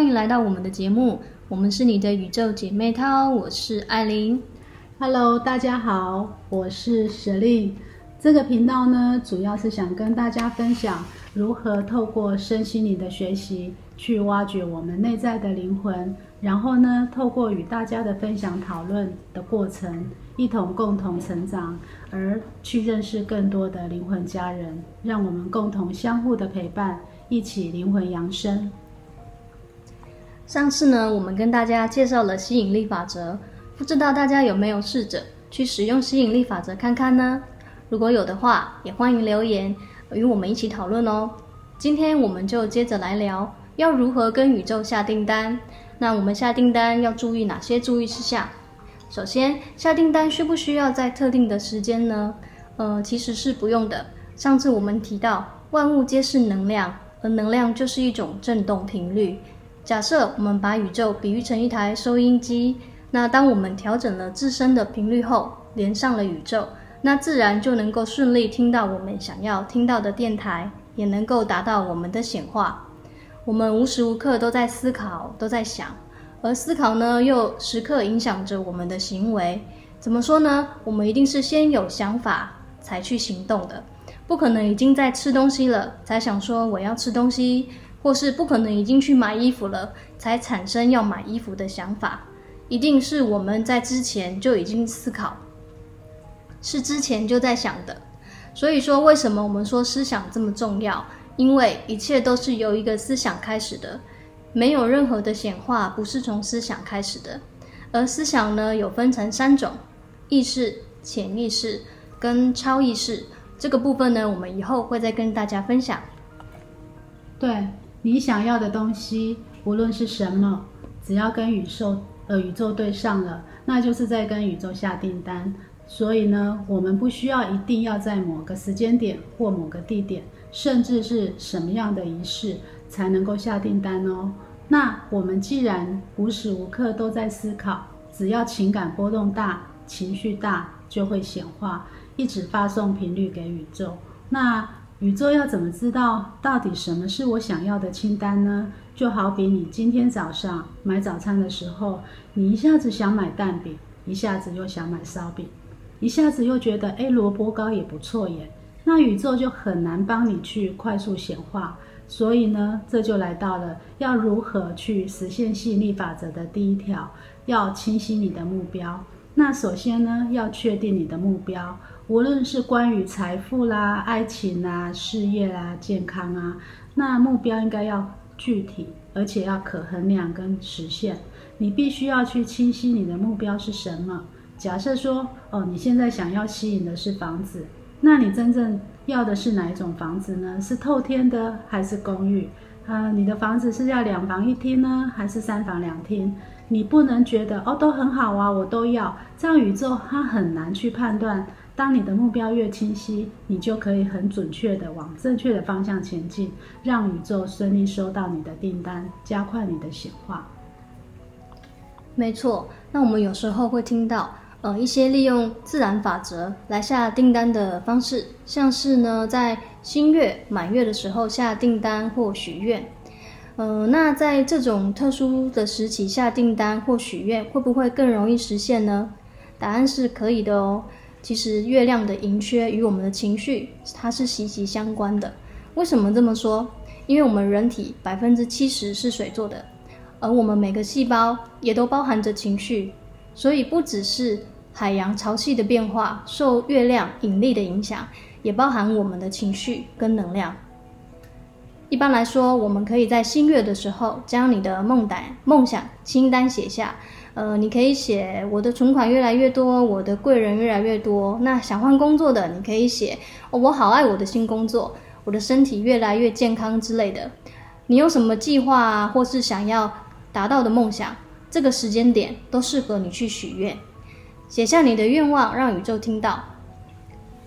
歡迎來到我們的節目，我們是你的宇宙姐妹淘，我是艾琳。Hello，大家好，我是雪莉。這個頻道呢，主要是想跟大家分享如何透過身心靈的學習，去挖掘我們內在的靈魂，然後呢，透過與大家的分享討論的過程，一同共同成長，而去認識更多的靈魂家人，讓我們共同相互的陪伴，一起靈魂揚升。上次呢，我們跟大家介紹了吸引力法則，不知道大家有沒有試着去使用吸引力法則看看呢？如果有的話，也歡迎留言與我們一起討論哦。今天我們就接着來聊，要如何跟宇宙下訂單。那我們下訂單要注意哪些注意事項？首先，下訂單需不需要在特定的時間呢？呃，其實是不用的。上次我們提到，萬物皆是能量，而能量就是一種振動頻率。假設我們把宇宙比喻成一台收音機，那當我們調整了自身的頻率後，連上了宇宙，那自然就能夠順利聽到我們想要聽到的電台，也能夠達到我們的顯化。我們無時無刻都在思考，都在想，而思考呢，又時刻影響着我們的行為。怎麼說呢？我們一定是先有想法才去行動的，不可能已經在吃東西了，才想說我要吃東西。或是不可能已經去買衣服了，才產生要買衣服的想法，一定是我們在之前就已經思考，是之前就在想的。所以說，為什麼我們說思想這麼重要？因為一切都是由一個思想開始的，沒有任何的顯化不是從思想開始的。而思想呢，有分成三種：意識、潛意識跟超意識。這個部分呢，我們以後會再跟大家分享。對。你想要的東西，無論是什麼，只要跟宇宙呃宇宙對上了，那就是在跟宇宙下訂單。所以呢，我們不需要一定要在某個時間點或某個地點，甚至是什麼樣的儀式，才能夠下訂單哦。那我們既然無時無刻都在思考，只要情感波動大，情緒大，就會顯化，一直發送頻率給宇宙。那宇宙要怎麼知道到底什麼是我想要的清單呢？就好比你今天早上買早餐的時候，你一下子想買蛋餅，一下子又想買燒餅，一下子又覺得誒，蘿蔔糕也不錯耶。那宇宙就很難幫你去快速顯化。所以呢，這就來到了要如何去實現吸引力法則的第一條，要清晰你的目標。那首先呢，要確定你的目標。無論是關於財富啦、愛情啦、啊、事業啦、啊、健康啊，那目標應該要具體，而且要可衡量跟實現。你必須要去清晰你的目標是什麼。假設說，哦，你現在想要吸引的是房子，那你真正要的是哪一種房子呢？是透天的還是公寓？啊、呃，你的房子是要兩房一廳呢，還是三房兩廳？你不能覺得哦，都很好啊，我都要，這樣宇宙它很難去判斷。當你的目標越清晰，你就可以很準確的往正確的方向前進，讓宇宙順利收到你的訂單，加快你的顯化。沒錯，那我們有時候會聽到，呃，一些利用自然法則來下訂單的方式，像是呢，在新月、滿月的時候下訂單或許願。呃，那在這種特殊的時期下訂單或許願，會不會更容易實現呢？答案是可以的哦。其實，月亮的盈缺與我們的情緒它是息息相關的。為什麼這麼說？因為我們人體百分之七十是水做的，而我們每個細胞也都包含着情緒。所以不只是海洋潮汐的變化受月亮引力的影響，也包含我們的情緒跟能量。一般來說，我們可以在新月的時候將你的夢膽、夢想清單寫下。呃，你可以寫我的存款越來越多，我的貴人越來越多。那想換工作的，你可以寫，哦，我好愛我的新工作，我的身體越來越健康之類的。你有什麼計劃或是想要達到的夢想？這個時間點都適合你去許願，寫下你的願望，讓宇宙聽到。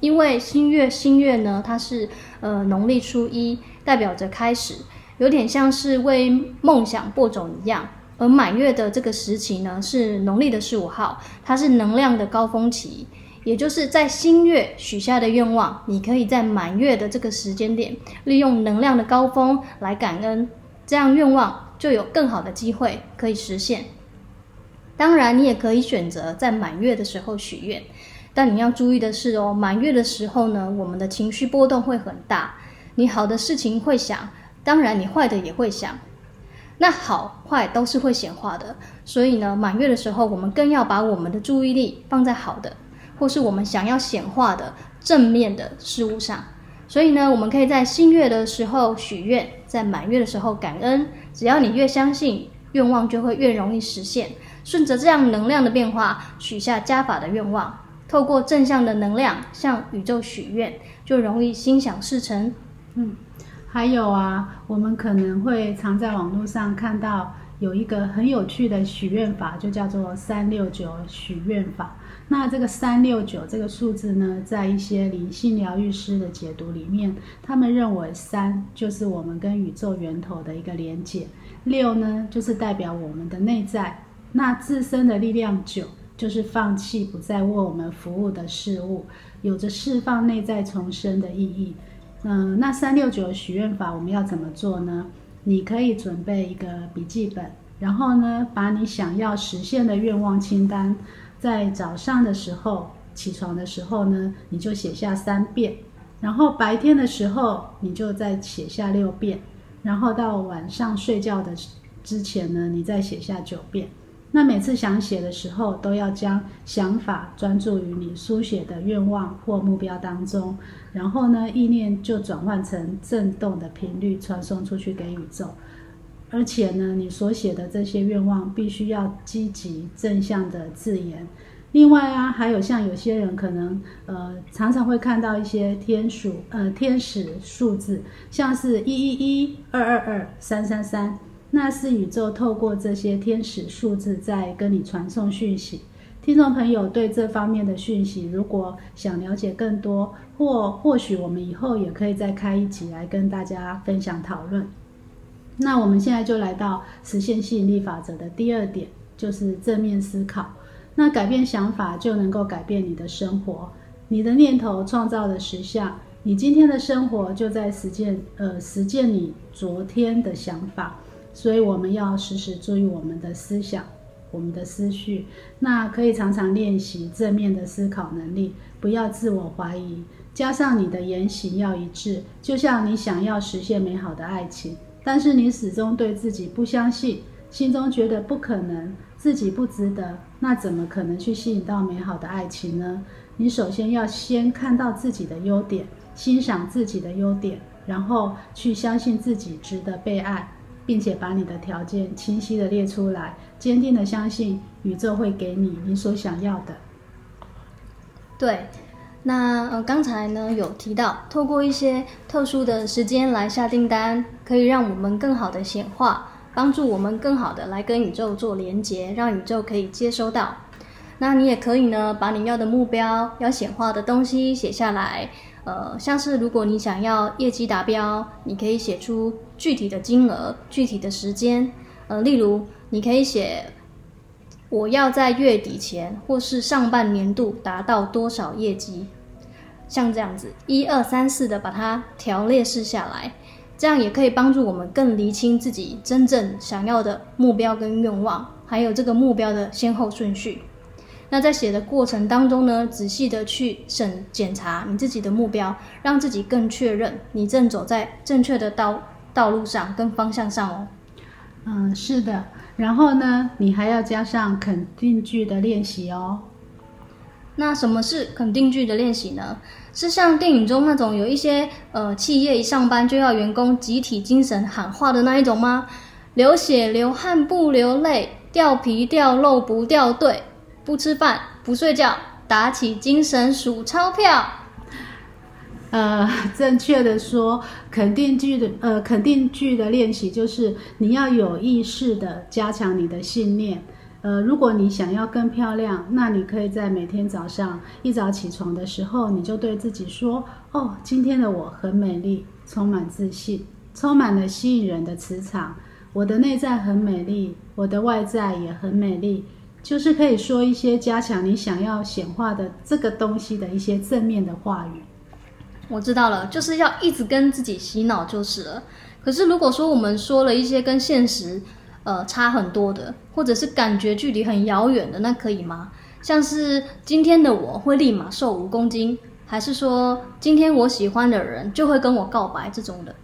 因為新月、新月呢，它是呃農曆初一，代表着開始，有點像是為夢想播種一樣。而滿月的這個時期呢，是農曆的十五號，它是能量的高峰期。也就是在新月許下的願望，你可以在滿月的這個時間點，利用能量的高峰來感恩，這樣願望。就有更好的機會可以實現。當然，你也可以選擇在滿月的時候許願，但你要注意的是哦，滿月的時候呢，我們的情緒波動會很大，你好的事情會想，當然你壞的也會想。那好壞都是會顯化的，所以呢，滿月的時候我們更要把我們的注意力放在好的，或是我們想要顯化的正面的事物上。所以呢，我們可以在新月的時候許願，在滿月的時候感恩。只要你越相信，願望就會越容易實現。順着這樣能量的變化，許下加法的願望，透過正向的能量向宇宙許願，就容易心想事成。嗯，還有啊，我們可能會常在網絡上看到有一個很有趣的許願法，就叫做“三六九許願法”。那這個三六九這個數字呢，在一些靈性療癒師的解讀裡面，他們認為三就是我們跟宇宙源頭的一個連接，六呢就是代表我們的內在，那自身的力量，九就是放棄不再為我們服務的事物，有着釋放內在重生的意義。嗯、呃，那三六九許願法我們要怎麼做呢？你可以準備一個筆記本，然後呢，把你想要實現的願望清單。在早上的時候起床的時候呢，你就寫下三遍，然後白天的時候你就再寫下六遍，然後到晚上睡覺的之前呢，你再寫下九遍。那每次想寫的時候，都要將想法專注於你書寫的願望或目標當中，然後呢，意念就轉換成震動的頻率，傳送出去給宇宙。而且呢，你所寫的這些願望必須要積極正向的字眼。另外啊，還有像有些人可能呃常常會看到一些天數呃天使數字，像是一一一二二二三三三，那是宇宙透過這些天使數字在跟你傳送訊息。聽眾朋友對這方面的訊息，如果想了解更多，或或許我們以後也可以再開一集來跟大家分享討論。那我們現在就來到實現吸引力法則的第二點，就是正面思考。那改變想法就能夠改變你的生活，你的念頭創造了實相，你今天的生活就在實踐，呃，實踐你昨天的想法。所以我們要時時注意我們的思想，我們的思緒。那可以常常練習正面的思考能力，不要自我懷疑，加上你的言行要一致。就像你想要實現美好的愛情。但是你始終對自己不相信，心中覺得不可能，自己不值得，那怎麼可能去吸引到美好的愛情呢？你首先要先看到自己的優點，欣賞自己的優點，然後去相信自己值得被愛，並且把你的條件清晰的列出來，堅定的相信宇宙會給你你所想要的。對。那呃剛才呢有提到，透過一些特殊的時間來下訂單，可以讓我們更好的顯化，幫助我們更好的來跟宇宙做連接，讓宇宙可以接收到。那你也可以呢，把你要的目標要顯化的東西寫下來。呃，像是如果你想要業績達標，你可以寫出具體的金額、具體的時間。呃，例如你可以寫，我要在月底前或是上半年度達到多少業績。像這樣子，一二三四的把它條列式下來，這樣也可以幫助我們更理清自己真正想要的目標跟願望，還有這個目標的先後順序。那在寫的過程當中呢，仔細的去審檢查你自己的目標，讓自己更確認你正走在正確的道道路上跟方向上哦。嗯，是的。然後呢，你還要加上肯定句的練習哦。那什麼是肯定句的練習呢？是像電影中那種有一些呃企業一上班就要員工集體精神喊話的那一種嗎？流血流汗不流淚，掉皮掉肉不掉隊，不吃飯不睡覺，打起精神數鈔票。呃，正確的說，肯定句的呃肯定句的練習就是你要有意識的加強你的信念。呃，如果你想要更漂亮，那你可以在每天早上一早起床的時候，你就對自己說：“哦，今天的我很美麗，充滿自信，充滿了吸引人的磁場。我的內在很美麗，我的外在也很美麗。”就是可以說一些加強你想要顯化的這個東西的一些正面的話語。我知道了，就是要一直跟自己洗腦就是了。可是如果說我們說了一些跟現實，呃，差很多的，或者是感覺距離很遙遠的，那可以嗎？像是今天的我會立馬瘦五公斤，還是說今天我喜歡的人就會跟我告白這種的？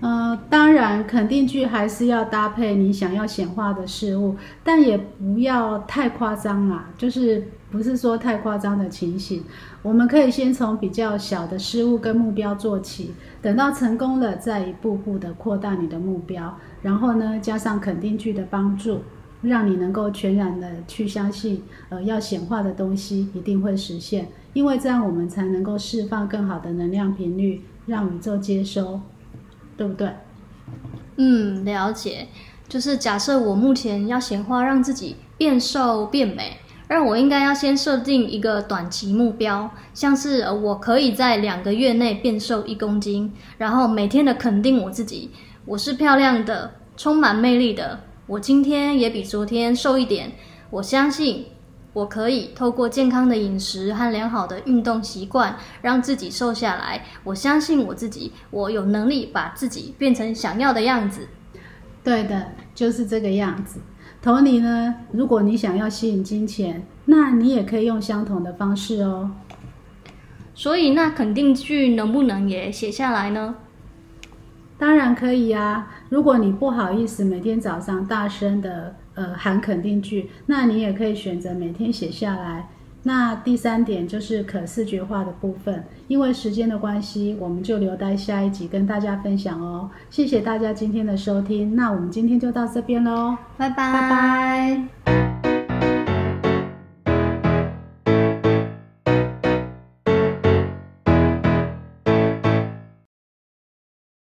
呃，當然，肯定句還是要搭配你想要顯化的事物，但也不要太誇張啊。就是。不是說太誇張的情形，我們可以先從比較小的事物跟目標做起，等到成功了再一步步的擴大你的目標，然後呢，加上肯定句的幫助，讓你能夠全然的去相信，呃，要顯化的東西一定會實現，因為這樣我們才能夠釋放更好的能量頻率，讓宇宙接收，對不對？嗯，了解。就是假設我目前要顯化讓自己變瘦變美。而我應該要先設定一個短期目標，像是我可以在兩個月內變瘦一公斤，然後每天的肯定我自己，我是漂亮的，充滿魅力的。我今天也比昨天瘦一點，我相信我可以透過健康的飲食和良好的運動習慣讓自己瘦下來。我相信我自己，我有能力把自己變成想要的樣子。對的，就是這個樣子。同理呢，如果你想要吸引金錢，那你也可以用相同的方式哦。所以那肯定句能不能也寫下來呢？當然可以呀。如果你不好意思每天早上大聲的呃喊肯定句，那你也可以選擇每天寫下來。那第三點就是可視覺化的部分，因為時間的關係，我們就留待下一集跟大家分享哦。謝謝大家今天的收聽，那我們今天就到這邊嘍，拜拜。Bye bye